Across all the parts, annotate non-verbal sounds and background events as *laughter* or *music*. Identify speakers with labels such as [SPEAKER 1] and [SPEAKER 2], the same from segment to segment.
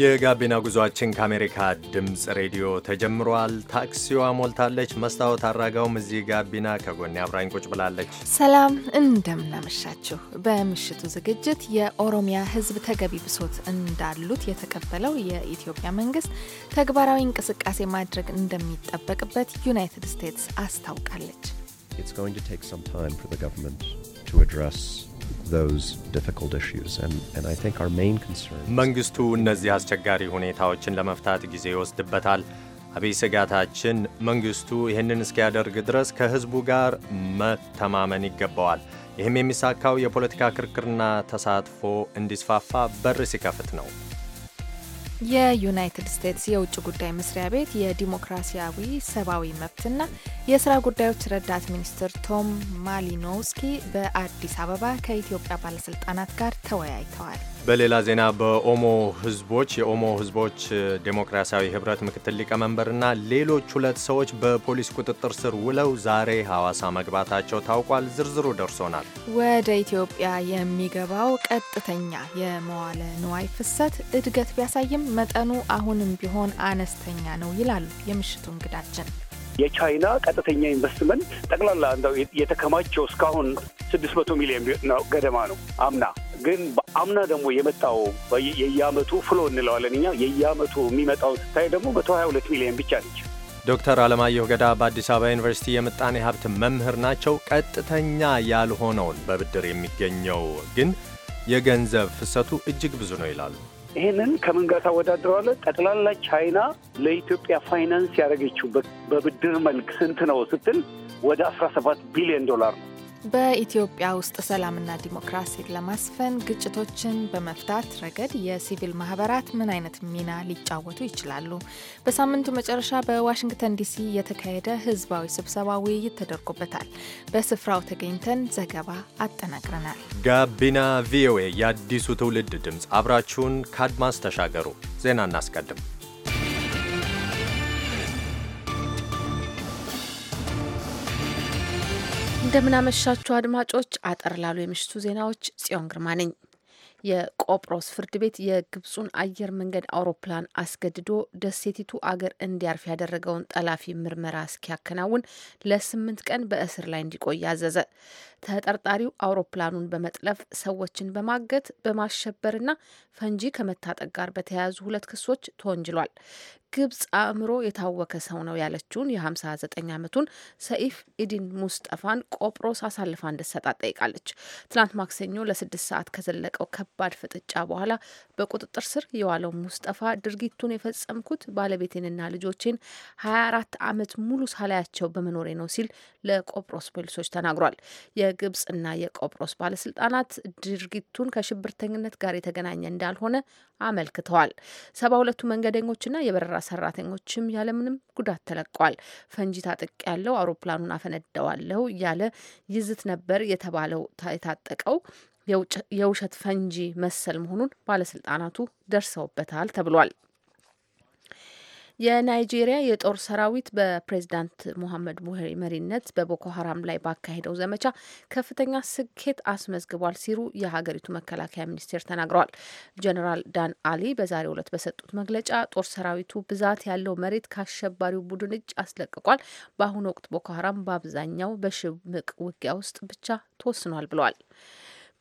[SPEAKER 1] የጋቢና ጉዟችን ከአሜሪካ ድምፅ ሬዲዮ ተጀምሯል። ታክሲዋ ሞልታለች። መስታወት አድራጋውም እዚህ ጋቢና ከጎኔ አብራኝ ቁጭ ብላለች።
[SPEAKER 2] ሰላም እንደምናመሻችሁ። በምሽቱ ዝግጅት የኦሮሚያ ሕዝብ ተገቢ ብሶት እንዳሉት የተቀበለው የኢትዮጵያ መንግስት ተግባራዊ እንቅስቃሴ ማድረግ እንደሚጠበቅበት ዩናይትድ ስቴትስ አስታውቃለች።
[SPEAKER 1] መንግስቱ እነዚህ አስቸጋሪ ሁኔታዎችን ለመፍታት ጊዜ ይወስድበታል። አብይ ስጋታችን መንግስቱ ይህንን እስኪያደርግ ድረስ ከህዝቡ ጋር መተማመን ይገባዋል። ይህም የሚሳካው የፖለቲካ ክርክርና ተሳትፎ እንዲስፋፋ በር ሲከፍት ነው።
[SPEAKER 2] የዩናይትድ ስቴትስ የውጭ ጉዳይ መስሪያ ቤት የዲሞክራሲያዊ ሰብአዊ መብትና የስራ ጉዳዮች ረዳት ሚኒስትር ቶም ማሊኖውስኪ በአዲስ አበባ ከኢትዮጵያ ባለስልጣናት ጋር ተወያይተዋል።
[SPEAKER 1] በሌላ ዜና በኦሞ ህዝቦች የኦሞ ህዝቦች ዴሞክራሲያዊ ህብረት ምክትል ሊቀመንበርና ሌሎች ሁለት ሰዎች በፖሊስ ቁጥጥር ስር ውለው ዛሬ ሐዋሳ መግባታቸው ታውቋል። ዝርዝሩ ደርሶናል።
[SPEAKER 2] ወደ ኢትዮጵያ የሚገባው ቀጥተኛ የመዋለ ንዋይ ፍሰት እድገት ቢያሳይም መጠኑ አሁንም ቢሆን አነስተኛ ነው ይላሉ የምሽቱ እንግዳችን።
[SPEAKER 3] የቻይና ቀጥተኛ ኢንቨስትመንት ጠቅላላ እንደው የተከማቸው እስካሁን ስድስት መቶ ሚሊዮን ገደማ ነው አምና። ግን አምና ደግሞ የመጣው የየአመቱ ፍሎ እንለዋለን እኛ የየአመቱ የሚመጣውን ስታይ ደግሞ መቶ ሀያ ሁለት ሚሊዮን ብቻ ነች።
[SPEAKER 1] ዶክተር አለማየሁ ገዳ በአዲስ አበባ ዩኒቨርሲቲ የምጣኔ ሀብት መምህር ናቸው። ቀጥተኛ ያልሆነውን በብድር የሚገኘው ግን የገንዘብ ፍሰቱ እጅግ ብዙ ነው ይላሉ።
[SPEAKER 3] ይህንን ከምን ጋር ታወዳድረዋለህ? ጠቅላላ ቻይና ለኢትዮጵያ ፋይናንስ ያደረገችው በብድር መልክ ስንት ነው ስትል ወደ 17 ቢሊዮን ዶላር ነው።
[SPEAKER 2] በኢትዮጵያ ውስጥ ሰላምና ዲሞክራሲን ለማስፈን ግጭቶችን በመፍታት ረገድ የሲቪል ማህበራት ምን አይነት ሚና ሊጫወቱ ይችላሉ? በሳምንቱ መጨረሻ በዋሽንግተን ዲሲ የተካሄደ ህዝባዊ ስብሰባ ውይይት ተደርጎበታል። በስፍራው ተገኝተን ዘገባ አጠናቅረናል።
[SPEAKER 1] ጋቢና ቪኦኤ የአዲሱ ትውልድ ድምፅ፣ አብራችሁን ከአድማስ ተሻገሩ። ዜና እናስቀድም።
[SPEAKER 4] እንደምናመሻችሁ አድማጮች፣ አጠር ላሉ የምሽቱ ዜናዎች ጽዮን ግርማ ነኝ። የቆጵሮስ ፍርድ ቤት የግብፁን አየር መንገድ አውሮፕላን አስገድዶ ደሴቲቱ አገር እንዲያርፍ ያደረገውን ጠላፊ ምርመራ እስኪያከናውን ለስምንት ቀን በእስር ላይ እንዲቆይ አዘዘ። ተጠርጣሪው አውሮፕላኑን በመጥለፍ ሰዎችን በማገት በማሸበርና ፈንጂ ከመታጠቅ ጋር በተያያዙ ሁለት ክሶች ተወንጅሏል። ግብጽ አእምሮ የታወከ ሰው ነው ያለችውን የ59 ዓመቱን ሰኢፍ ኢዲን ሙስጠፋን ቆጵሮስ አሳልፋ እንድትሰጣት ጠይቃለች። ትናንት ማክሰኞ ለስድስት ሰዓት ከዘለቀው ከባድ ፍጥጫ በኋላ በቁጥጥር ስር የዋለው ሙስጠፋ ድርጊቱን የፈጸምኩት ባለቤቴንና ልጆቼን ሀያ አራት ዓመት ሙሉ ሳላያቸው በመኖሬ ነው ሲል ለቆጵሮስ ፖሊሶች ተናግሯል። የግብጽና የቆጵሮስ ባለስልጣናት ድርጊቱን ከሽብርተኝነት ጋር የተገናኘ እንዳልሆነ አመልክተዋል። ሰባ ሁለቱ መንገደኞችና የበረራ ሰራተኞችም ያለምንም ጉዳት ተለቀዋል። ፈንጂ ታጥቅ ያለው አውሮፕላኑን አፈነዳዋለሁ እያለ ይዝት ነበር የተባለው የታጠቀው የውሸት ፈንጂ መሰል መሆኑን ባለስልጣናቱ ደርሰውበታል ተብሏል። የናይጄሪያ የጦር ሰራዊት በፕሬዝዳንት ሙሐመድ ቡሄሪ መሪነት በቦኮ ሀራም ላይ ባካሄደው ዘመቻ ከፍተኛ ስኬት አስመዝግቧል ሲሉ የሀገሪቱ መከላከያ ሚኒስቴር ተናግረዋል። ጀኔራል ዳን አሊ በዛሬው ዕለት በሰጡት መግለጫ ጦር ሰራዊቱ ብዛት ያለው መሬት ከአሸባሪው ቡድን እጅ አስለቅቋል። በአሁኑ ወቅት ቦኮ ሀራም በአብዛኛው በሽምቅ ውጊያ ውስጥ ብቻ ተወስኗል ብለዋል።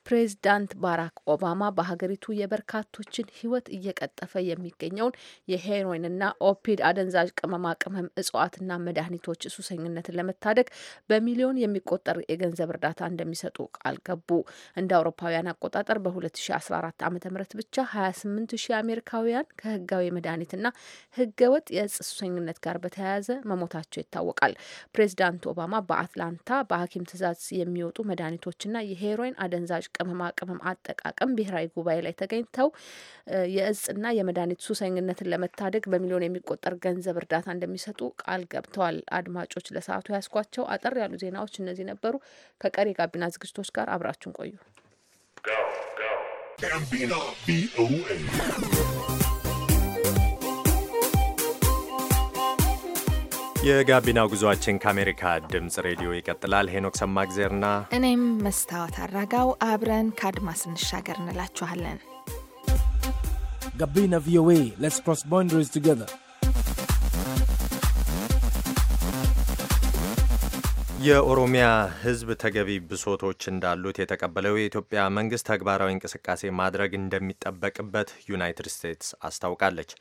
[SPEAKER 4] ፕሬዚዳንት ባራክ ኦባማ በሀገሪቱ የበርካቶችን ሕይወት እየቀጠፈ የሚገኘውን የሄሮይንና ኦፒድ አደንዛዥ ቅመማ ቅመም እጽዋትና መድኃኒቶች ሱሰኝነትን ለመታደግ በሚሊዮን የሚቆጠር የገንዘብ እርዳታ እንደሚሰጡ ቃል ገቡ። እንደ አውሮፓውያን አቆጣጠር በ2014 ዓ ም ብቻ 28 ሺህ አሜሪካውያን ከህጋዊ መድኃኒትና ህገወጥ የእጽ ሱሰኝነት ጋር በተያያዘ መሞታቸው ይታወቃል። ፕሬዚዳንት ኦባማ በአትላንታ በሐኪም ትእዛዝ የሚወጡ መድኃኒቶችና የሄሮይን አደንዛዥ ቅመማ ቅመም አጠቃቀም ብሔራዊ ጉባኤ ላይ ተገኝተው የእጽና የመድኃኒት ሱሰኝነትን ለመታደግ በሚሊዮን የሚቆጠር ገንዘብ እርዳታ እንደሚሰጡ ቃል ገብተዋል። አድማጮች ለሰዓቱ ያስኳቸው አጠር ያሉ ዜናዎች እነዚህ ነበሩ። ከቀሪ ጋቢና ዝግጅቶች ጋር አብራችሁን ቆዩ።
[SPEAKER 1] የጋቢና ጉዟችን ከአሜሪካ ድምፅ ሬዲዮ ይቀጥላል። ሄኖክ ሰማግዜርና
[SPEAKER 2] እኔም መስታወት አራጋው አብረን ከአድማስ እንሻገር እንላችኋለን።
[SPEAKER 1] ጋቢና ቪኦኤ ሌትስ ክሮስ
[SPEAKER 2] ቦንደሪስ ቱጌዘር
[SPEAKER 1] የኦሮሚያ ሕዝብ ተገቢ ብሶቶች እንዳሉት የተቀበለው የኢትዮጵያ መንግስት ተግባራዊ እንቅስቃሴ ማድረግ እንደሚጠበቅበት ዩናይትድ ስቴትስ አስታውቃለች።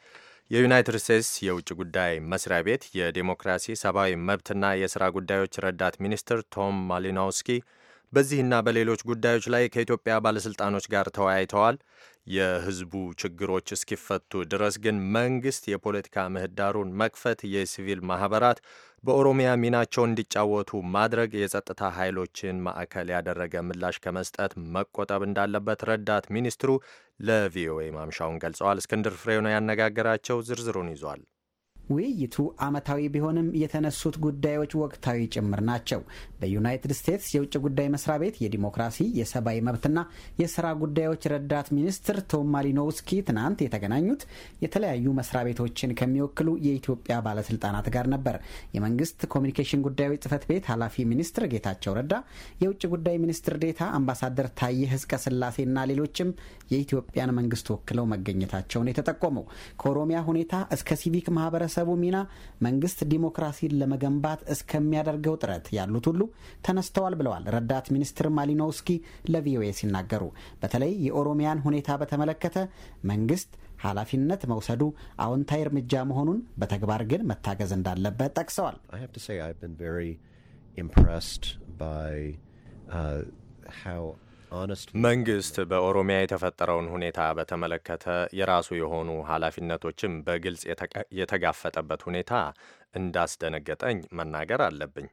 [SPEAKER 1] የዩናይትድ ስቴትስ የውጭ ጉዳይ መስሪያ ቤት የዴሞክራሲ ሰብአዊ መብትና የሥራ ጉዳዮች ረዳት ሚኒስትር ቶም ማሊኖውስኪ በዚህና በሌሎች ጉዳዮች ላይ ከኢትዮጵያ ባለሥልጣኖች ጋር ተወያይተዋል። የሕዝቡ ችግሮች እስኪፈቱ ድረስ ግን መንግሥት የፖለቲካ ምህዳሩን መክፈት፣ የሲቪል ማኅበራት በኦሮሚያ ሚናቸውን እንዲጫወቱ ማድረግ፣ የጸጥታ ኃይሎችን ማዕከል ያደረገ ምላሽ ከመስጠት መቆጠብ እንዳለበት ረዳት ሚኒስትሩ ለቪኦኤ ማምሻውን ገልጸዋል። እስክንድር ፍሬው ነው ያነጋገራቸው። ዝርዝሩን ይዟል።
[SPEAKER 5] ውይይቱ ዓመታዊ ቢሆንም የተነሱት ጉዳዮች ወቅታዊ ጭምር ናቸው። በዩናይትድ ስቴትስ የውጭ ጉዳይ መስሪያ ቤት የዲሞክራሲ የሰብአዊ መብትና የስራ ጉዳዮች ረዳት ሚኒስትር ቶም ማሊኖውስኪ ትናንት የተገናኙት የተለያዩ መስሪያ ቤቶችን ከሚወክሉ የኢትዮጵያ ባለስልጣናት ጋር ነበር። የመንግስት ኮሚኒኬሽን ጉዳዮች ጽህፈት ቤት ኃላፊ ሚኒስትር ጌታቸው ረዳ፣ የውጭ ጉዳይ ሚኒስትር ዴታ አምባሳደር ታዬ ህዝቀ ስላሴና ሌሎችም የኢትዮጵያን መንግስት ወክለው መገኘታቸውን የተጠቆመው ከኦሮሚያ ሁኔታ እስከ ሲቪክ ማህበረሰብ የማህበረሰቡ ሚና መንግስት ዲሞክራሲን ለመገንባት እስከሚያደርገው ጥረት ያሉት ሁሉ ተነስተዋል ብለዋል ረዳት ሚኒስትር ማሊኖውስኪ ለቪኦኤ ሲናገሩ። በተለይ የኦሮሚያን ሁኔታ በተመለከተ መንግስት ኃላፊነት መውሰዱ አዎንታዊ እርምጃ መሆኑን፣ በተግባር ግን መታገዝ እንዳለበት ጠቅሰዋል።
[SPEAKER 1] መንግስት በኦሮሚያ የተፈጠረውን ሁኔታ በተመለከተ የራሱ የሆኑ ኃላፊነቶችን በግልጽ የተጋፈጠበት ሁኔታ እንዳስደነገጠኝ መናገር አለብኝ።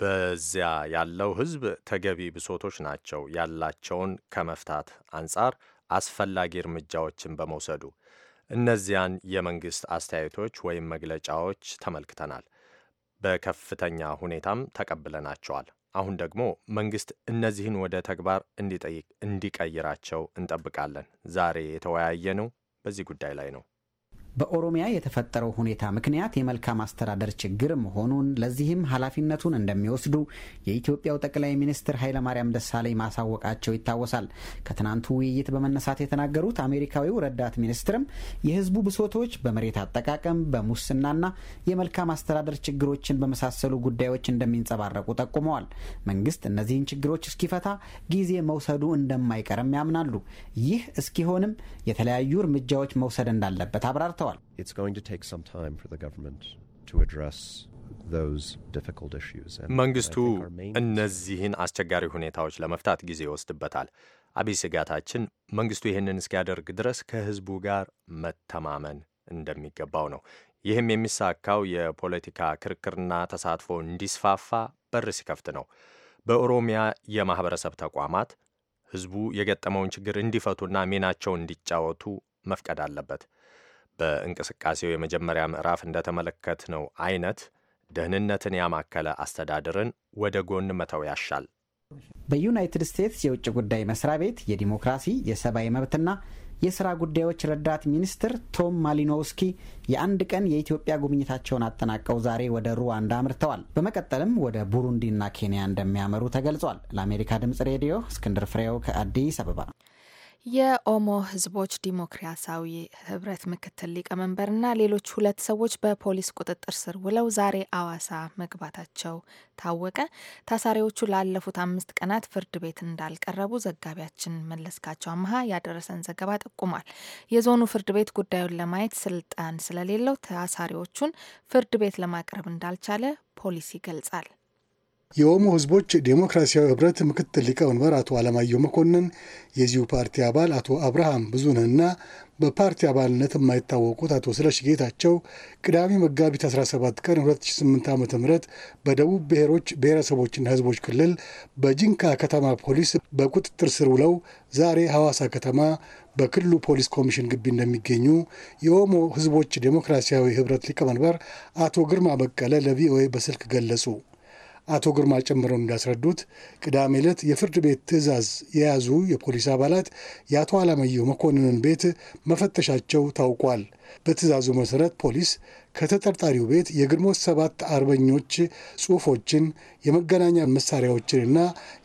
[SPEAKER 1] በዚያ ያለው ህዝብ ተገቢ ብሶቶች ናቸው ያላቸውን ከመፍታት አንጻር አስፈላጊ እርምጃዎችን በመውሰዱ እነዚያን የመንግስት አስተያየቶች ወይም መግለጫዎች ተመልክተናል። በከፍተኛ ሁኔታም ተቀብለናቸዋል። አሁን ደግሞ መንግስት እነዚህን ወደ ተግባር እንዲጠይቅ እንዲቀይራቸው እንጠብቃለን። ዛሬ የተወያየ ነው በዚህ ጉዳይ ላይ ነው።
[SPEAKER 5] በኦሮሚያ የተፈጠረው ሁኔታ ምክንያት የመልካም አስተዳደር ችግር መሆኑን ለዚህም ኃላፊነቱን እንደሚወስዱ የኢትዮጵያው ጠቅላይ ሚኒስትር ኃይለማርያም ደሳለኝ ማሳወቃቸው ይታወሳል። ከትናንቱ ውይይት በመነሳት የተናገሩት አሜሪካዊው ረዳት ሚኒስትርም የሕዝቡ ብሶቶች በመሬት አጠቃቀም፣ በሙስናና የመልካም አስተዳደር ችግሮችን በመሳሰሉ ጉዳዮች እንደሚንጸባረቁ ጠቁመዋል። መንግስት እነዚህን ችግሮች እስኪፈታ ጊዜ መውሰዱ እንደማይቀርም ያምናሉ። ይህ እስኪሆንም የተለያዩ እርምጃዎች መውሰድ እንዳለበት አብራርተዋል። አብራርተዋል።
[SPEAKER 1] መንግስቱ እነዚህን አስቸጋሪ ሁኔታዎች ለመፍታት ጊዜ ይወስድበታል። አብይ ስጋታችን መንግስቱ ይህንን እስኪያደርግ ድረስ ከህዝቡ ጋር መተማመን እንደሚገባው ነው። ይህም የሚሳካው የፖለቲካ ክርክርና ተሳትፎ እንዲስፋፋ በር ሲከፍት ነው። በኦሮሚያ የማህበረሰብ ተቋማት ህዝቡ የገጠመውን ችግር እንዲፈቱና ሚናቸውን እንዲጫወቱ መፍቀድ አለበት። በእንቅስቃሴው የመጀመሪያ ምዕራፍ እንደተመለከትነው አይነት ደህንነትን ያማከለ አስተዳደርን ወደ ጎን መተው ያሻል።
[SPEAKER 5] በዩናይትድ ስቴትስ የውጭ ጉዳይ መስሪያ ቤት የዲሞክራሲ የሰብአዊ መብትና የስራ ጉዳዮች ረዳት ሚኒስትር ቶም ማሊኖውስኪ የአንድ ቀን የኢትዮጵያ ጉብኝታቸውን አጠናቀው ዛሬ ወደ ሩዋንዳ አምርተዋል። በመቀጠልም ወደ ቡሩንዲና ኬንያ እንደሚያመሩ ተገልጿል። ለአሜሪካ ድምጽ ሬዲዮ እስክንድር ፍሬው ከአዲስ አበባ
[SPEAKER 2] የኦሞ ህዝቦች ዲሞክራሲያዊ ህብረት ምክትል ሊቀመንበርና ሌሎች ሁለት ሰዎች በፖሊስ ቁጥጥር ስር ውለው ዛሬ አዋሳ መግባታቸው ታወቀ። ታሳሪዎቹ ላለፉት አምስት ቀናት ፍርድ ቤት እንዳልቀረቡ ዘጋቢያችን መለስካቸው አመሀ ያደረሰን ዘገባ ጠቁሟል። የዞኑ ፍርድ ቤት ጉዳዩን ለማየት ስልጣን ስለሌለው ታሳሪዎቹን ፍርድ ቤት ለማቅረብ እንዳልቻለ ፖሊስ ይገልጻል።
[SPEAKER 6] የኦሞ ህዝቦች ዴሞክራሲያዊ ህብረት ምክትል ሊቀመንበር አቶ አለማየሁ መኮንን የዚሁ ፓርቲ አባል አቶ አብርሃም ብዙነህና በፓርቲ አባልነት የማይታወቁት አቶ ስለሽ ጌታቸው ቅዳሜ መጋቢት 17 ቀን 2008 ዓ ም በደቡብ ብሔሮች ብሔረሰቦችና ህዝቦች ክልል በጂንካ ከተማ ፖሊስ በቁጥጥር ስር ውለው ዛሬ ሐዋሳ ከተማ በክልሉ ፖሊስ ኮሚሽን ግቢ እንደሚገኙ የኦሞ ህዝቦች ዴሞክራሲያዊ ህብረት ሊቀመንበር አቶ ግርማ በቀለ ለቪኦኤ በስልክ ገለጹ። አቶ ግርማ ጨምረው እንዳስረዱት ቅዳሜ ዕለት የፍርድ ቤት ትዕዛዝ የያዙ የፖሊስ አባላት የአቶ አለማየሁ መኮንንን ቤት መፈተሻቸው ታውቋል። በትዕዛዙ መሠረት ፖሊስ ከተጠርጣሪው ቤት የግንቦት ሰባት አርበኞች ጽሑፎችን፣ የመገናኛ መሳሪያዎችንና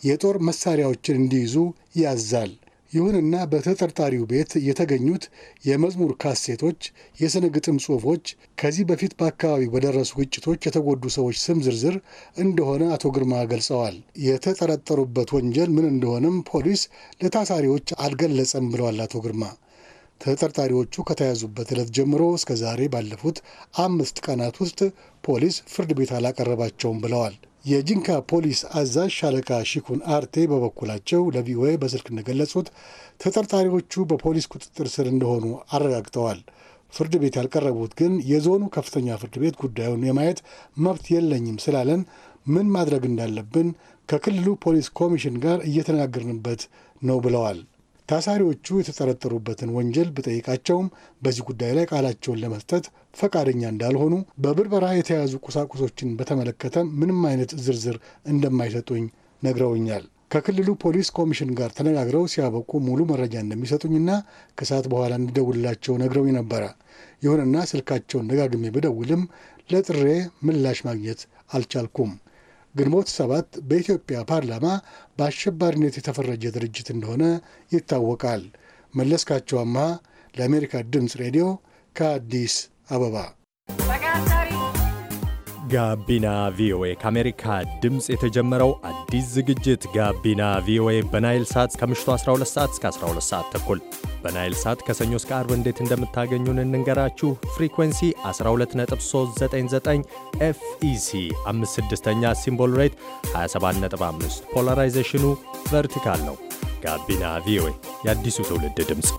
[SPEAKER 6] የጦር መሳሪያዎችን እንዲይዙ ያዛል። ይሁንና በተጠርጣሪው ቤት የተገኙት የመዝሙር ካሴቶች፣ የሥነ ግጥም ጽሑፎች፣ ከዚህ በፊት በአካባቢው በደረሱ ግጭቶች የተጎዱ ሰዎች ስም ዝርዝር እንደሆነ አቶ ግርማ ገልጸዋል። የተጠረጠሩበት ወንጀል ምን እንደሆነም ፖሊስ ለታሳሪዎች አልገለጸም ብለዋል አቶ ግርማ። ተጠርጣሪዎቹ ከተያዙበት ዕለት ጀምሮ እስከ ዛሬ ባለፉት አምስት ቀናት ውስጥ ፖሊስ ፍርድ ቤት አላቀረባቸውም ብለዋል። የጂንካ ፖሊስ አዛዥ ሻለቃ ሺኩን አርቴ በበኩላቸው ለቪኦኤ በስልክ እንደገለጹት ተጠርጣሪዎቹ በፖሊስ ቁጥጥር ስር እንደሆኑ አረጋግጠዋል። ፍርድ ቤት ያልቀረቡት ግን የዞኑ ከፍተኛ ፍርድ ቤት ጉዳዩን የማየት መብት የለኝም ስላለን ምን ማድረግ እንዳለብን ከክልሉ ፖሊስ ኮሚሽን ጋር እየተነጋገርንበት ነው ብለዋል። ታሳሪዎቹ የተጠረጠሩበትን ወንጀል ብጠይቃቸውም በዚህ ጉዳይ ላይ ቃላቸውን ለመስጠት ፈቃደኛ እንዳልሆኑ፣ በብርበራ የተያዙ ቁሳቁሶችን በተመለከተ ምንም አይነት ዝርዝር እንደማይሰጡኝ ነግረውኛል። ከክልሉ ፖሊስ ኮሚሽን ጋር ተነጋግረው ሲያበቁ ሙሉ መረጃ እንደሚሰጡኝና ከሰዓት በኋላ እንዲደውልላቸው ነግረውኝ ነበረ። ይሁንና ስልካቸውን ደጋግሜ ብደውልም ለጥሬ ምላሽ ማግኘት አልቻልኩም። ግንቦት ሰባት በኢትዮጵያ ፓርላማ በአሸባሪነት የተፈረጀ ድርጅት እንደሆነ ይታወቃል። መለስካቸው አማሃ ለአሜሪካ ድምፅ ሬዲዮ ከአዲስ አበባ
[SPEAKER 1] ጋቢና ቪኦኤ ከአሜሪካ ድምፅ የተጀመረው አዲስ ዝግጅት ጋቢና ቪኦኤ በናይል ሳት ከምሽቱ 12 ሰዓት እስከ 12 ሰዓት ተኩል በናይል ሳት ከሰኞ እስከ አርብ እንዴት እንደምታገኙን እንንገራችሁ። ፍሪኩንሲ 12399 ኤፍኢሲ 56ኛ ሲምቦል ሬት 275 ፖላራይዜሽኑ ቨርቲካል ነው። ጋቢና ቪኦኤ የአዲሱ ትውልድ ድምፅ።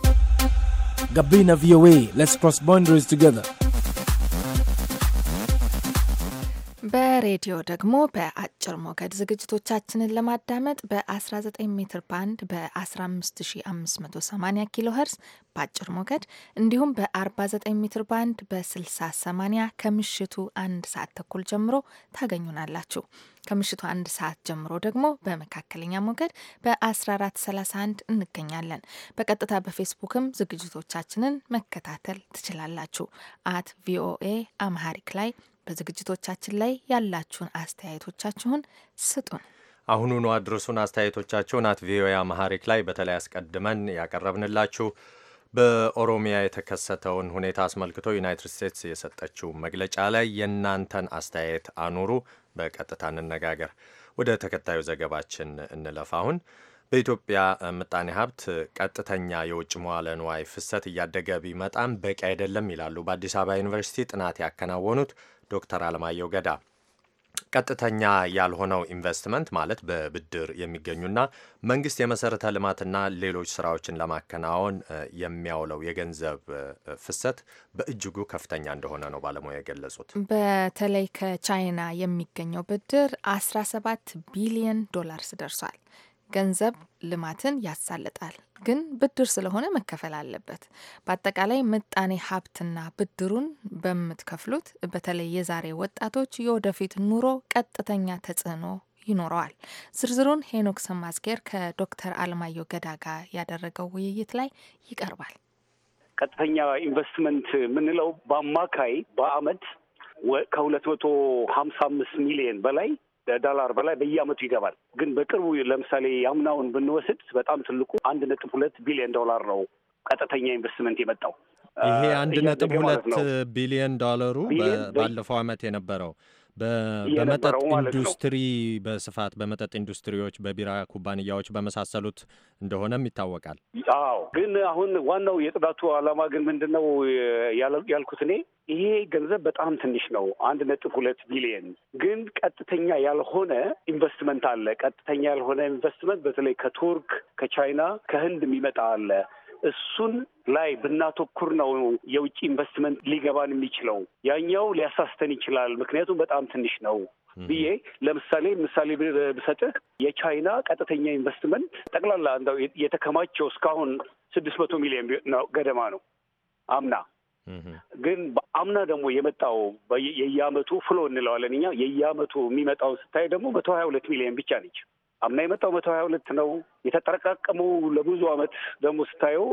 [SPEAKER 7] ጋቢና ቪኦኤ ሌትስ ክሮስ ባውንደሪስ ቱጌዘር
[SPEAKER 2] በሬዲዮ ደግሞ በአጭር ሞገድ ዝግጅቶቻችንን ለማዳመጥ በ19 ሜትር ባንድ በ15580 ኪሎ ኸርስ በአጭር ሞገድ እንዲሁም በ49 ሜትር ባንድ በ6080 ከምሽቱ አንድ ሰዓት ተኩል ጀምሮ ታገኙናላችሁ። ከምሽቱ አንድ ሰዓት ጀምሮ ደግሞ በመካከለኛ ሞገድ በ1431 እንገኛለን። በቀጥታ በፌስቡክም ዝግጅቶቻችንን መከታተል ትችላላችሁ። አት ቪኦኤ አምሃሪክ ላይ በዝግጅቶቻችን ላይ ያላችሁን አስተያየቶቻችሁን ስጡን።
[SPEAKER 1] አሁኑኑ አድርሱን። አስተያየቶቻችሁን አት ቪኦኤ አማሐሪክ ላይ በተለይ አስቀድመን ያቀረብንላችሁ በኦሮሚያ የተከሰተውን ሁኔታ አስመልክቶ ዩናይትድ ስቴትስ የሰጠችው መግለጫ ላይ የእናንተን አስተያየት አኑሩ። በቀጥታ እንነጋገር። ወደ ተከታዩ ዘገባችን እንለፍ። አሁን በኢትዮጵያ ምጣኔ ሀብት ቀጥተኛ የውጭ መዋለ ንዋይ ፍሰት እያደገ ቢመጣም በቂ አይደለም ይላሉ በአዲስ አበባ ዩኒቨርሲቲ ጥናት ያከናወኑት ዶክተር አለማየሁ ገዳ ቀጥተኛ ያልሆነው ኢንቨስትመንት ማለት በብድር የሚገኙና መንግስት የመሰረተ ልማትና ሌሎች ስራዎችን ለማከናወን የሚያውለው የገንዘብ ፍሰት በእጅጉ ከፍተኛ እንደሆነ ነው ባለሙያ የገለጹት።
[SPEAKER 2] በተለይ ከቻይና የሚገኘው ብድር 17 ቢሊየን ዶላርስ ደርሷል። ገንዘብ ልማትን ያሳልጣል፣ ግን ብድር ስለሆነ መከፈል አለበት። በአጠቃላይ ምጣኔ ሀብትና ብድሩን በምትከፍሉት በተለይ የዛሬ ወጣቶች የወደፊት ኑሮ ቀጥተኛ ተጽዕኖ ይኖረዋል። ዝርዝሩን ሄኖክ ሰማዝጌር ከዶክተር አለማየሁ ገዳ ጋር ያደረገው ውይይት ላይ ይቀርባል።
[SPEAKER 3] ቀጥተኛ ኢንቨስትመንት የምንለው በአማካይ በአመት ከሁለት መቶ ሀምሳ አምስት ሚሊየን በላይ ዶላር በላይ በየአመቱ ይገባል። ግን በቅርቡ ለምሳሌ ያምናውን ብንወስድ በጣም ትልቁ አንድ ነጥብ ሁለት ቢሊዮን ዶላር ነው ቀጥተኛ ኢንቨስትመንት የመጣው። ይሄ አንድ ነጥብ ሁለት
[SPEAKER 1] ቢሊዮን ዶላሩ ባለፈው አመት የነበረው በመጠጥ ኢንዱስትሪ በስፋት በመጠጥ ኢንዱስትሪዎች፣ በቢራ ኩባንያዎች በመሳሰሉት እንደሆነም ይታወቃል።
[SPEAKER 3] አዎ፣ ግን አሁን ዋናው የጥናቱ ዓላማ ግን ምንድን ነው ያልኩት እኔ ይሄ ገንዘብ በጣም ትንሽ ነው፣ አንድ ነጥብ ሁለት ቢሊየን ግን ቀጥተኛ ያልሆነ ኢንቨስትመንት አለ። ቀጥተኛ ያልሆነ ኢንቨስትመንት በተለይ ከቱርክ፣ ከቻይና፣ ከህንድ የሚመጣ አለ። እሱን ላይ ብናተኩር ነው የውጭ ኢንቨስትመንት ሊገባን የሚችለው። ያኛው ሊያሳስተን ይችላል፣ ምክንያቱም በጣም ትንሽ ነው ብዬ ለምሳሌ ምሳሌ ብሰጥህ የቻይና ቀጥተኛ ኢንቨስትመንት ጠቅላላ እንዳው የተከማቸው እስካሁን ስድስት መቶ ሚሊዮን ገደማ ነው አምና ግን በአምና ደግሞ የመጣው የየአመቱ ፍሎ እንለዋለን እኛ የየአመቱ የሚመጣውን ስታይ ደግሞ መቶ ሀያ ሁለት ሚሊዮን ብቻ ነች። አምና የመጣው መቶ ሀያ ሁለት ነው የተጠረቃቀሙ ለብዙ አመት ደግሞ ስታየው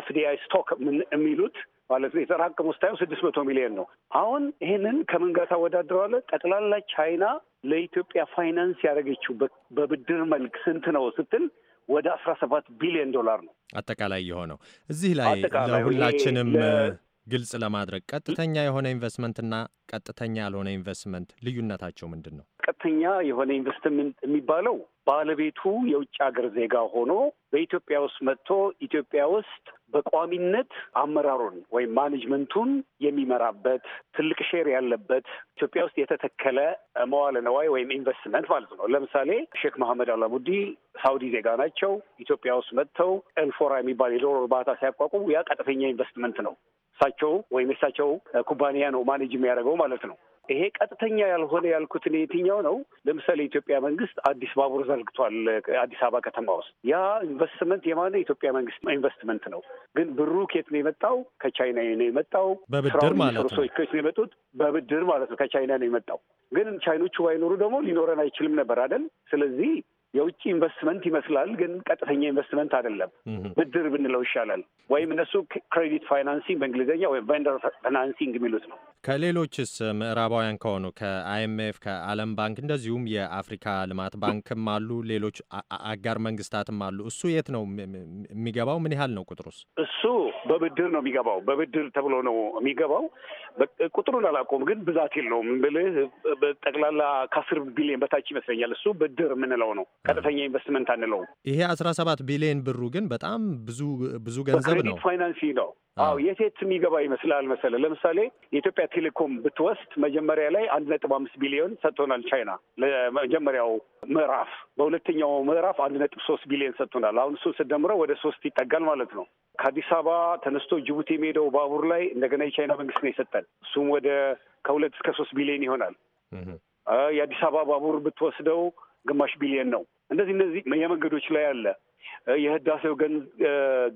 [SPEAKER 3] ኤፍዲአይ ስቶክ የሚሉት ማለት ነው የተጠራቀሙ ስታየው ስድስት መቶ ሚሊዮን ነው። አሁን ይህንን ከምን ጋር ታወዳድረዋለህ? ጠቅላላ ቻይና ለኢትዮጵያ ፋይናንስ ያደረገችው በብድር መልክ ስንት ነው ስትል ወደ አስራ ሰባት ቢሊዮን ዶላር ነው
[SPEAKER 1] አጠቃላይ የሆነው። እዚህ ላይ ለሁላችንም ግልጽ ለማድረግ ቀጥተኛ የሆነ ኢንቨስትመንትና ቀጥተኛ ያልሆነ ኢንቨስትመንት ልዩነታቸው ምንድን ነው?
[SPEAKER 3] ቀጥተኛ የሆነ ኢንቨስትመንት የሚባለው ባለቤቱ የውጭ ሀገር ዜጋ ሆኖ በኢትዮጵያ ውስጥ መጥቶ ኢትዮጵያ ውስጥ በቋሚነት አመራሩን ወይም ማኔጅመንቱን የሚመራበት ትልቅ ሼር ያለበት ኢትዮጵያ ውስጥ የተተከለ መዋለ ነዋይ ወይም ኢንቨስትመንት ማለት ነው። ለምሳሌ ሼክ መሐመድ አላሙዲ ሳውዲ ዜጋ ናቸው። ኢትዮጵያ ውስጥ መጥተው ኤልፎራ የሚባል የዶሮ እርባታ ሲያቋቁሙ ያ ቀጥተኛ ኢንቨስትመንት ነው። እሳቸው ወይም የሳቸው ኩባንያ ነው ማኔጅ የሚያደርገው ማለት ነው። ይሄ ቀጥተኛ ያልሆነ ያልኩትን የትኛው ነው? ለምሳሌ የኢትዮጵያ መንግስት አዲስ ባቡር ዘርግቷል አዲስ አበባ ከተማ ውስጥ። ያ ኢንቨስትመንት የማነ የኢትዮጵያ መንግስት ኢንቨስትመንት ነው። ግን ብሩ ኬት ነው የመጣው? ከቻይና ነው የመጣው።
[SPEAKER 1] በብድር ማለት ነው።
[SPEAKER 3] ሰዎች ነው የመጡት፣ በብድር ማለት ነው። ከቻይና ነው የመጣው። ግን ቻይኖቹ ባይኖሩ ደግሞ ሊኖረን አይችልም ነበር አይደል? ስለዚህ የውጭ ኢንቨስትመንት ይመስላል፣ ግን ቀጥተኛ ኢንቨስትመንት አይደለም። ብድር ብንለው ይሻላል። ወይም እነሱ ክሬዲት ፋይናንሲንግ በእንግሊዝኛ ወይም ቬንደር ፋይናንሲንግ የሚሉት ነው።
[SPEAKER 1] ከሌሎችስ ምዕራባውያን ከሆኑ ከአይኤምኤፍ፣ ከዓለም ባንክ እንደዚሁም የአፍሪካ ልማት ባንክም አሉ፣ ሌሎች አጋር መንግስታትም አሉ። እሱ የት ነው የሚገባው? ምን ያህል ነው ቁጥሩስ?
[SPEAKER 3] እሱ በብድር ነው የሚገባው። በብድር ተብሎ ነው የሚገባው። ቁጥሩን አላውቀውም፣ ግን ብዛት የለውም ብልህ ጠቅላላ ከአስር ቢሊዮን በታች ይመስለኛል። እሱ ብድር የምንለው ነው። ቀጥተኛ ኢንቨስትመንት አንለውም።
[SPEAKER 1] ይሄ አስራ ሰባት ቢሊዮን ብሩ ግን በጣም ብዙ ብዙ ገንዘብ ነው።
[SPEAKER 3] ፋይናንሲንግ ነው። አዎ የሴት የሚገባ ይመስላል መሰለ። ለምሳሌ የኢትዮጵያ ቴሌኮም ብትወስድ መጀመሪያ ላይ አንድ ነጥብ አምስት ቢሊዮን ሰጥቶናል ቻይና ለመጀመሪያው ምዕራፍ። በሁለተኛው ምዕራፍ አንድ ነጥብ ሶስት ቢሊዮን ሰጥቶናል። አሁን እሱ ስደምረው ወደ ሶስት ይጠጋል ማለት ነው። ከአዲስ አበባ ተነስቶ ጅቡቲ የሚሄደው ባቡር ላይ እንደገና የቻይና መንግስት ነው የሰጠን። እሱም ወደ ከሁለት እስከ ሶስት ቢሊዮን ይሆናል። የአዲስ አበባ ባቡር ብትወስደው ግማሽ ቢሊየን ነው። እንደዚህ እነዚህ የመንገዶች ላይ አለ የህዳሴው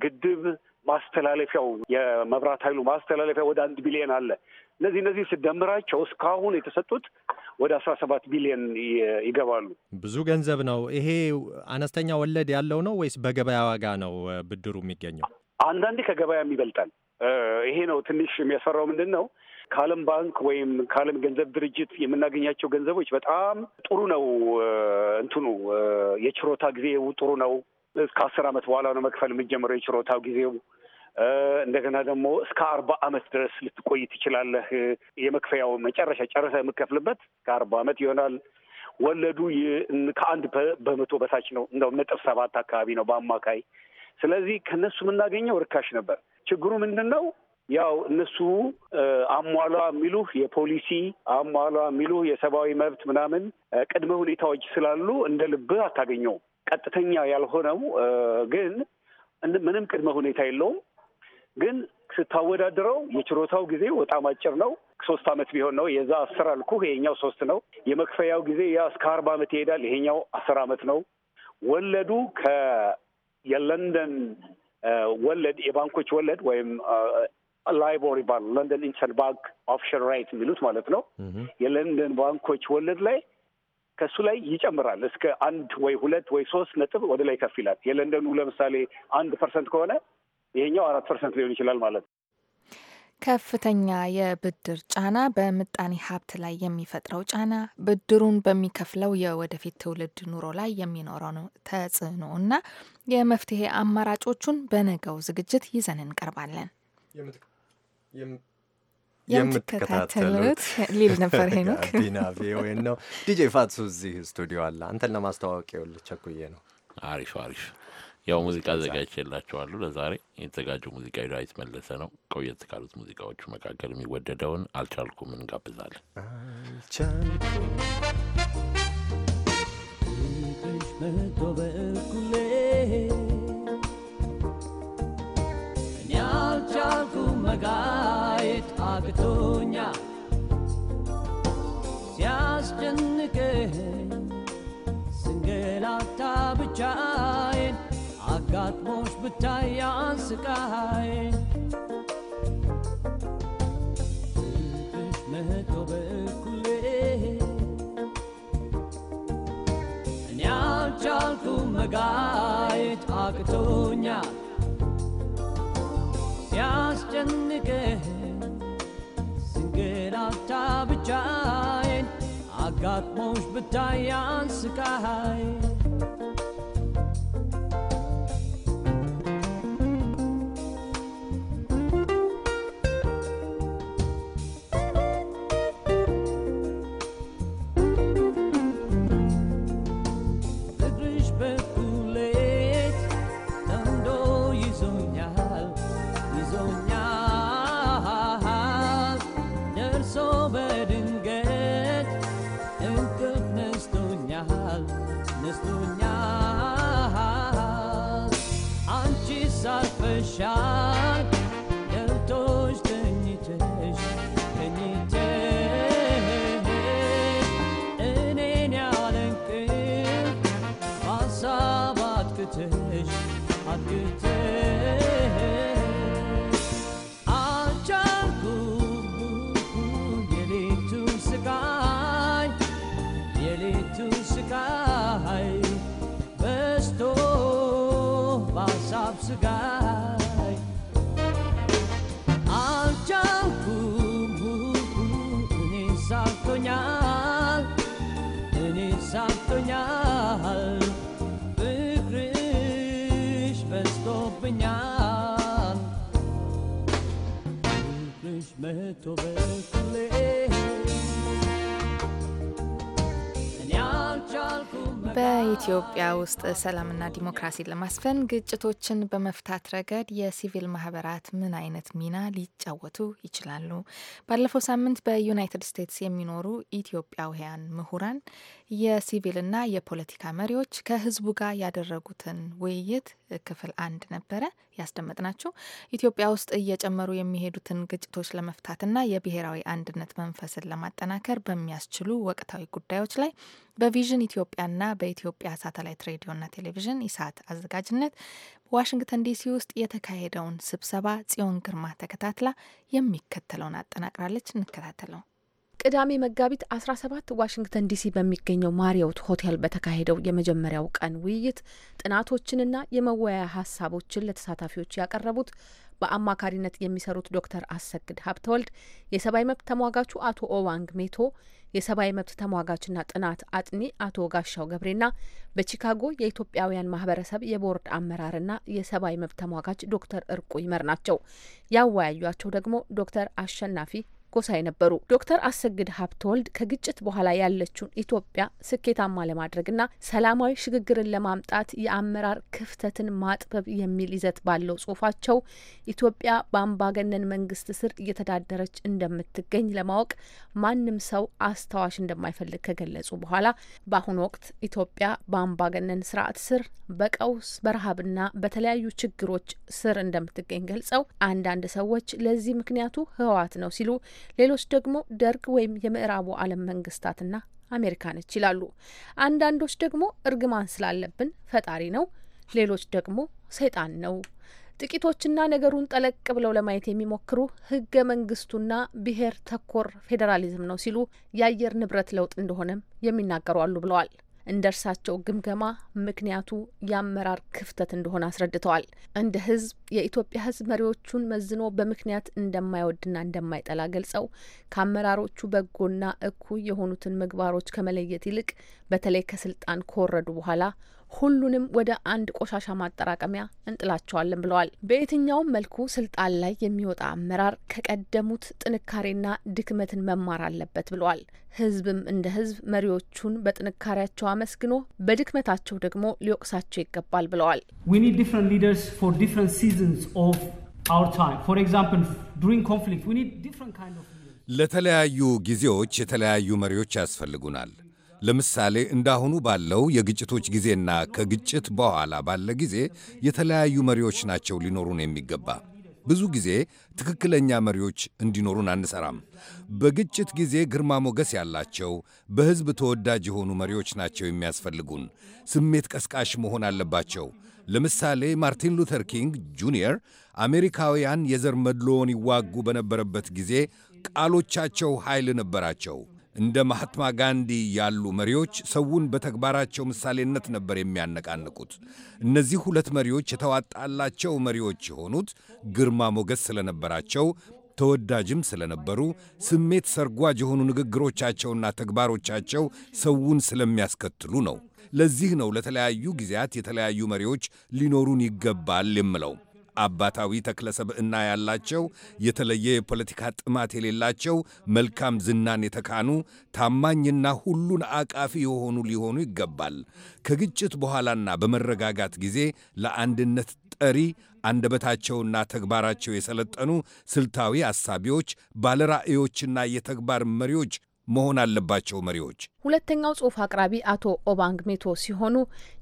[SPEAKER 3] ግድብ ማስተላለፊያው የመብራት ኃይሉ ማስተላለፊያ ወደ አንድ ቢሊየን አለ። እነዚህ እነዚህ ስደምራቸው እስካሁን የተሰጡት ወደ አስራ ሰባት ቢሊየን ይገባሉ።
[SPEAKER 1] ብዙ ገንዘብ ነው። ይሄ አነስተኛ ወለድ ያለው ነው ወይስ በገበያ ዋጋ ነው ብድሩ የሚገኘው?
[SPEAKER 3] አንዳንዴ ከገበያም ይበልጣል። ይሄ ነው ትንሽ የሚያስፈራው። ምንድን ነው ከዓለም ባንክ ወይም ከዓለም ገንዘብ ድርጅት የምናገኛቸው ገንዘቦች በጣም ጥሩ ነው። እንትኑ የችሮታ ጊዜው ጥሩ ነው። እስከ አስር ዓመት በኋላ ነው መክፈል የምጀምረው የችሮታ ጊዜው። እንደገና ደግሞ እስከ አርባ ዓመት ድረስ ልትቆይ ትችላለህ። የመክፈያው መጨረሻ የምከፍልበት እስከ አርባ ዓመት ይሆናል። ወለዱ ከአንድ በመቶ በታች ነው። እንደውም ነጥብ ሰባት አካባቢ ነው በአማካይ። ስለዚህ ከነሱ የምናገኘው ርካሽ ነበር። ችግሩ ምንድን ነው? ያው እነሱ አሟላ የሚሉህ የፖሊሲ አሟላ የሚሉህ የሰብአዊ መብት ምናምን ቅድመ ሁኔታዎች ስላሉ እንደ ልብህ አታገኘው። ቀጥተኛ ያልሆነው ግን ምንም ቅድመ ሁኔታ የለውም። ግን ስታወዳድረው የችሮታው ጊዜ በጣም አጭር ነው። ሶስት አመት ቢሆን ነው የዛ አስር አልኩህ፣ ይሄኛው ሶስት ነው። የመክፈያው ጊዜ ያ እስከ አርባ አመት ይሄዳል፣ ይሄኛው አስር አመት ነው። ወለዱ ከ ወለድ የባንኮች ወለድ ወይም ላይቦሪ ባንክ ለንደን ኢንተር ባንክ ኦፕሽን ራይት የሚሉት ማለት ነው። የለንደን ባንኮች ወለድ ላይ ከእሱ ላይ ይጨምራል እስከ አንድ ወይ ሁለት ወይ ሶስት ነጥብ ወደ ላይ ከፍ ይላል። የለንደኑ ለምሳሌ አንድ ፐርሰንት ከሆነ ይሄኛው አራት ፐርሰንት ሊሆን ይችላል ማለት ነው።
[SPEAKER 2] ከፍተኛ የብድር ጫና በምጣኔ ሀብት ላይ የሚፈጥረው ጫና ብድሩን በሚከፍለው የወደፊት ትውልድ ኑሮ ላይ የሚኖረው ተጽዕኖ እና የመፍትሄ አማራጮቹን በነገው ዝግጅት ይዘን እንቀርባለን። የምትከታተሉት ሊል ነበር ሄኖክ። *laughs* ጋቢና ቪኦኤ
[SPEAKER 1] ነው። ዲጄ ፋትሱ እዚህ ስቱዲዮ አለ። አንተን ለማስተዋወቅ ይኸውልህ ቸኩዬ ነው። አሪፍ አሪፍ። ያው ሙዚቃ አዘጋጅቼላችኋለሁ ለዛሬ። የተዘጋጀው ሙዚቃ ሄዶ አይትመለሰ ነው። ቆየት ካሉት ሙዚቃዎቹ መካከል የሚወደደውን አልቻልኩም እንጋብዛለን።
[SPEAKER 8] አልቻልኩም መጋየት አግቶኛ ሲያስጨንቅህ ስንገላታ ብቻዬን አጋጥሞሽ ብታይ አንስቃዬን ፍቅሽ መቶ በኩሌ እኔ አልቻልኩም መጋየት አቅቶኛል I got most but I answer
[SPEAKER 2] በኢትዮጵያ ውስጥ ሰላምና ዲሞክራሲን ለማስፈን ግጭቶችን በመፍታት ረገድ የሲቪል ማህበራት ምን አይነት ሚና ሊጫወቱ ይችላሉ? ባለፈው ሳምንት በዩናይትድ ስቴትስ የሚኖሩ ኢትዮጵያውያን ምሁራን የሲቪልና የፖለቲካ መሪዎች ከህዝቡ ጋር ያደረጉትን ውይይት ክፍል አንድ ነበረ ያስደመጥናችሁ። ኢትዮጵያ ውስጥ እየጨመሩ የሚሄዱትን ግጭቶች ለመፍታትና የብሔራዊ አንድነት መንፈስን ለማጠናከር በሚያስችሉ ወቅታዊ ጉዳዮች ላይ በቪዥን ኢትዮጵያና በኢትዮጵያ ሳተላይት ሬዲዮና ቴሌቪዥን ኢሳት አዘጋጅነት ዋሽንግተን ዲሲ ውስጥ የተካሄደውን ስብሰባ ጽዮን ግርማ ተከታትላ የሚከተለውን አጠናቅራለች። እንከታተለው።
[SPEAKER 4] ቅዳሜ መጋቢት 17 ዋሽንግተን ዲሲ በሚገኘው ማሪዎት ሆቴል በተካሄደው የመጀመሪያው ቀን ውይይት ጥናቶችንና የመወያያ ሀሳቦችን ለተሳታፊዎች ያቀረቡት በአማካሪነት የሚሰሩት ዶክተር አሰግድ ሀብተወልድ፣ የሰብአዊ መብት ተሟጋቹ አቶ ኦዋንግ ሜቶ፣ የሰብአዊ መብት ተሟጋችና ጥናት አጥኒ አቶ ጋሻው ገብሬና በቺካጎ የኢትዮጵያውያን ማህበረሰብ የቦርድ አመራርና የሰብአዊ መብት ተሟጋች ዶክተር እርቁ ይመር ናቸው። ያወያዩቸው ደግሞ ዶክተር አሸናፊ ጎሳዬ ነበሩ። ዶክተር አሰግድ ሀብተወልድ ከግጭት በኋላ ያለችውን ኢትዮጵያ ስኬታማ ለማድረግና ሰላማዊ ሽግግርን ለማምጣት የአመራር ክፍተትን ማጥበብ የሚል ይዘት ባለው ጽሁፋቸው ኢትዮጵያ በአምባገነን መንግስት ስር እየተዳደረች እንደምትገኝ ለማወቅ ማንም ሰው አስታዋሽ እንደማይፈልግ ከገለጹ በኋላ በአሁኑ ወቅት ኢትዮጵያ በአምባገነን ስርዓት ስር በቀውስ በረሃብና በተለያዩ ችግሮች ስር እንደምትገኝ ገልጸው አንዳንድ ሰዎች ለዚህ ምክንያቱ ህወሓት ነው ሲሉ ሌሎች ደግሞ ደርግ ወይም የምዕራቡ ዓለም መንግስታትና አሜሪካ ነች ይላሉ። አንዳንዶች ደግሞ እርግማን ስላለብን ፈጣሪ ነው፣ ሌሎች ደግሞ ሰይጣን ነው። ጥቂቶችና ነገሩን ጠለቅ ብለው ለማየት የሚሞክሩ ህገ መንግስቱና ብሔር ተኮር ፌዴራሊዝም ነው ሲሉ የአየር ንብረት ለውጥ እንደሆነም የሚናገሩ አሉ ብለዋል። እንደ እርሳቸው ግምገማ ምክንያቱ የአመራር ክፍተት እንደሆነ አስረድተዋል። እንደ ህዝብ የኢትዮጵያ ህዝብ መሪዎቹን መዝኖ በምክንያት እንደማይወድና እንደማይጠላ ገልጸው ከአመራሮቹ በጎና እኩይ የሆኑትን ምግባሮች ከመለየት ይልቅ በተለይ ከስልጣን ከወረዱ በኋላ ሁሉንም ወደ አንድ ቆሻሻ ማጠራቀሚያ እንጥላቸዋለን ብለዋል። በየትኛውም መልኩ ስልጣን ላይ የሚወጣ አመራር ከቀደሙት ጥንካሬና ድክመትን መማር አለበት ብለዋል። ህዝብም እንደ ህዝብ መሪዎቹን በጥንካሬያቸው አመስግኖ በድክመታቸው ደግሞ ሊወቅሳቸው ይገባል ብለዋል።
[SPEAKER 7] ለተለያዩ ጊዜዎች የተለያዩ መሪዎች ያስፈልጉናል። ለምሳሌ እንዳሁኑ ባለው የግጭቶች ጊዜና ከግጭት በኋላ ባለ ጊዜ የተለያዩ መሪዎች ናቸው ሊኖሩን የሚገባ። ብዙ ጊዜ ትክክለኛ መሪዎች እንዲኖሩን አንሰራም። በግጭት ጊዜ ግርማ ሞገስ ያላቸው በሕዝብ ተወዳጅ የሆኑ መሪዎች ናቸው የሚያስፈልጉን። ስሜት ቀስቃሽ መሆን አለባቸው። ለምሳሌ ማርቲን ሉተር ኪንግ ጁኒየር አሜሪካውያን የዘር መድሎውን ይዋጉ በነበረበት ጊዜ ቃሎቻቸው ኃይል ነበራቸው። እንደ ማህትማ ጋንዲ ያሉ መሪዎች ሰውን በተግባራቸው ምሳሌነት ነበር የሚያነቃንቁት። እነዚህ ሁለት መሪዎች የተዋጣላቸው መሪዎች የሆኑት ግርማ ሞገስ ስለነበራቸው ተወዳጅም ስለነበሩ ስሜት ሰርጓጅ የሆኑ ንግግሮቻቸውና ተግባሮቻቸው ሰውን ስለሚያስከትሉ ነው። ለዚህ ነው ለተለያዩ ጊዜያት የተለያዩ መሪዎች ሊኖሩን ይገባል የምለው። አባታዊ ተክለሰብዕና ያላቸው የተለየ የፖለቲካ ጥማት የሌላቸው መልካም ዝናን የተካኑ ታማኝና ሁሉን አቃፊ የሆኑ ሊሆኑ ይገባል። ከግጭት በኋላና በመረጋጋት ጊዜ ለአንድነት ጠሪ አንደበታቸውና ተግባራቸው የሰለጠኑ ስልታዊ አሳቢዎች፣ ባለራዕዮችና የተግባር መሪዎች መሆን አለባቸው መሪዎች።
[SPEAKER 4] ሁለተኛው ጽሁፍ አቅራቢ አቶ ኦባንግ ሜቶ ሲሆኑ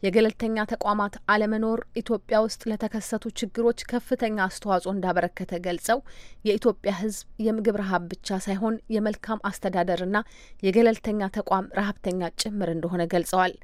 [SPEAKER 4] የገለልተኛ ተቋማት አለመኖር ኢትዮጵያ ውስጥ ለተከሰቱ ችግሮች ከፍተኛ አስተዋጽኦ እንዳበረከተ ገልጸው የኢትዮጵያ ሕዝብ የምግብ ረሀብ ብቻ ሳይሆን የመልካም አስተዳደርና የገለልተኛ ተቋም ረሀብተኛ ጭምር እንደሆነ ገልጸዋል።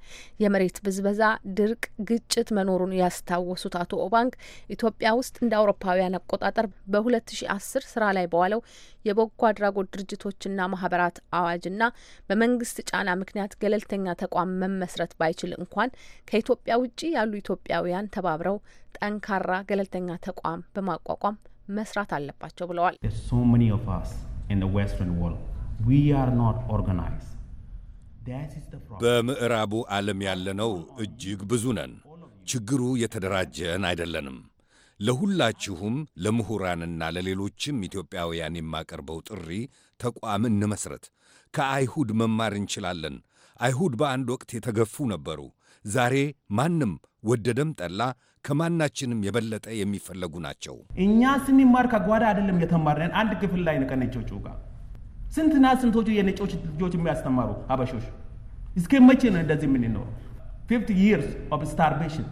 [SPEAKER 4] የመሬት ብዝበዛ፣ ድርቅ፣ ግጭት መኖሩን ያስታወሱት አቶ ኦባንግ ኢትዮጵያ ውስጥ እንደ አውሮፓውያን አቆጣጠር በ2010 ስራ ላይ በዋለው የበጎ አድራጎት ድርጅቶችና ማህበራት አዋጅና በመንግስት ጫና ምክንያት ገለልተኛ ተቋም መመስረት ባይችል እንኳን ከኢትዮጵያ ውጭ ያሉ ኢትዮጵያውያን ተባብረው ጠንካራ ገለልተኛ ተቋም በማቋቋም መስራት አለባቸው ብለዋል።
[SPEAKER 7] በምዕራቡ ዓለም ያለነው እጅግ ብዙ ነን። ችግሩ የተደራጀን አይደለንም። ለሁላችሁም ለምሁራንና ለሌሎችም ኢትዮጵያውያን የማቀርበው ጥሪ ተቋም እንመስረት። ከአይሁድ መማር እንችላለን። አይሁድ በአንድ ወቅት የተገፉ ነበሩ። ዛሬ ማንም ወደደም ጠላ ከማናችንም የበለጠ የሚፈለጉ ናቸው። እኛ ስንማር ከጓዳ አይደለም የተማርነን፣ አንድ ክፍል ላይ ከነጮቹ ጋር ስንትና ስንቶቹ የነጮች ልጆች የሚያስተማሩ ሀበሾች። እስከ መቼ ነው እንደዚህ የምንኖር? ፊፍቲ ይርስ ኦፍ ስታርቬሽን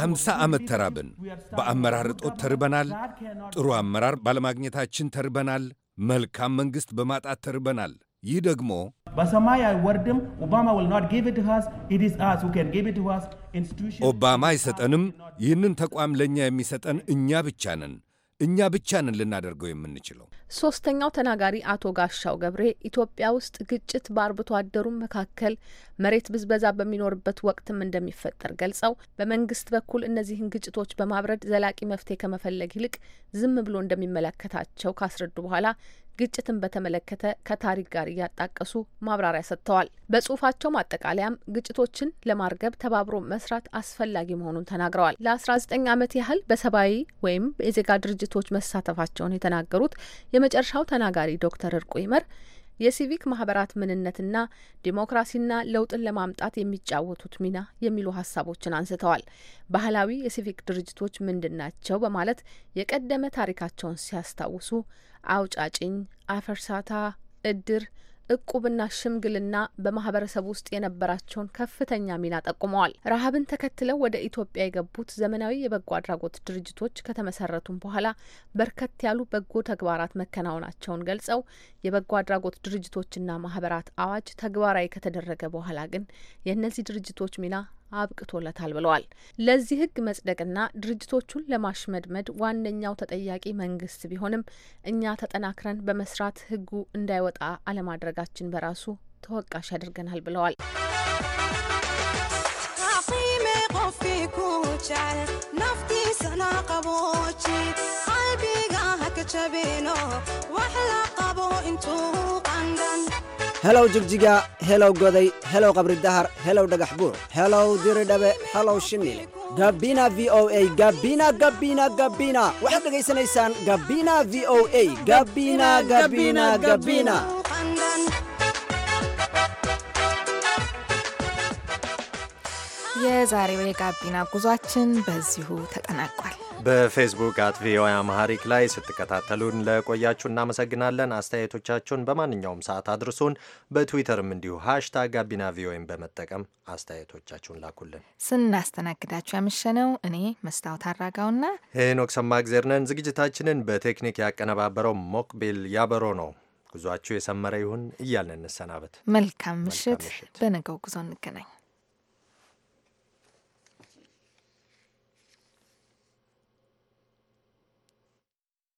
[SPEAKER 7] ሀምሳ ዓመት ተራብን። በአመራር እጦት ተርበናል። ጥሩ አመራር ባለማግኘታችን ተርበናል። መልካም መንግሥት በማጣት ተርበናል። ይህ ደግሞ በሰማይ አይወርድም። ኦባማ አይሰጠንም። ይህንን ተቋም ለእኛ የሚሰጠን እኛ ብቻ ነን። እኛ ነን ልናደርገው የምንችለው።
[SPEAKER 4] ሶስተኛው ተናጋሪ አቶ ጋሻው ገብሬ ኢትዮጵያ ውስጥ ግጭት በአርብቶ አደሩም መካከል መሬት ብዝበዛ በሚኖርበት ወቅትም እንደሚፈጠር ገልጸው በመንግስት በኩል እነዚህን ግጭቶች በማብረድ ዘላቂ መፍትሄ ከመፈለግ ይልቅ ዝም ብሎ እንደሚመለከታቸው ካስረዱ በኋላ ግጭትን በተመለከተ ከታሪክ ጋር እያጣቀሱ ማብራሪያ ሰጥተዋል። በጽሁፋቸው ማጠቃለያም ግጭቶችን ለማርገብ ተባብሮ መስራት አስፈላጊ መሆኑን ተናግረዋል። ለ19 ዓመት ያህል በሰብአዊ ወይም የዜጋ ድርጅቶች መሳተፋቸውን የተናገሩት የመጨረሻው ተናጋሪ ዶክተር እርቁ ይመር የሲቪክ ማህበራት ምንነትና ዲሞክራሲና ለውጥን ለማምጣት የሚጫወቱት ሚና የሚሉ ሀሳቦችን አንስተዋል። ባህላዊ የሲቪክ ድርጅቶች ምንድን ናቸው በማለት የቀደመ ታሪካቸውን ሲያስታውሱ አውጫጭኝ፣ አፈርሳታ፣ እድር እቁብና ሽምግልና በማህበረሰብ ውስጥ የነበራቸውን ከፍተኛ ሚና ጠቁመዋል። ረሃብን ተከትለው ወደ ኢትዮጵያ የገቡት ዘመናዊ የበጎ አድራጎት ድርጅቶች ከተመሰረቱም በኋላ በርከት ያሉ በጎ ተግባራት መከናወናቸውን ገልጸው የበጎ አድራጎት ድርጅቶችና ማህበራት አዋጅ ተግባራዊ ከተደረገ በኋላ ግን የእነዚህ ድርጅቶች ሚና አብቅቶለታል ብለዋል። ለዚህ ህግ መጽደቅና ድርጅቶቹን ለማሽመድመድ ዋነኛው ተጠያቂ መንግስት ቢሆንም እኛ ተጠናክረን በመስራት ህጉ እንዳይወጣ አለማድረጋችን በራሱ ተወቃሽ ያደርገናል ብለዋል።
[SPEAKER 5] helow jigjiga helow goday helow qabri dahar helow dhagax buur helow diri dhabe helow shimil gabina v o a gabina gabina gabina waxaad dhegaysanaysaan gabina v o a gabina gabina gabina
[SPEAKER 2] የዛሬው የጋቢና ጉዟችን በዚሁ ተጠናቋል።
[SPEAKER 1] በፌስቡክ አት ቪኦኤ አማሐሪክ ላይ ስትከታተሉን ለቆያችሁ እናመሰግናለን። አስተያየቶቻችሁን በማንኛውም ሰዓት አድርሱን። በትዊተርም እንዲሁ ሃሽታግ ጋቢና ቪኦኤም በመጠቀም አስተያየቶቻችሁን ላኩልን።
[SPEAKER 2] ስናስተናግዳችሁ ያመሸነው እኔ መስታወት አራጋውና
[SPEAKER 1] ሄኖክ ሰማእግዜር ነን። ዝግጅታችንን በቴክኒክ ያቀነባበረው ሞክቤል ያበሮ ነው። ጉዟችሁ የሰመረ ይሁን እያልን እንሰናበት።
[SPEAKER 2] መልካም ምሽት። በነገው ጉዞ እንገናኝ።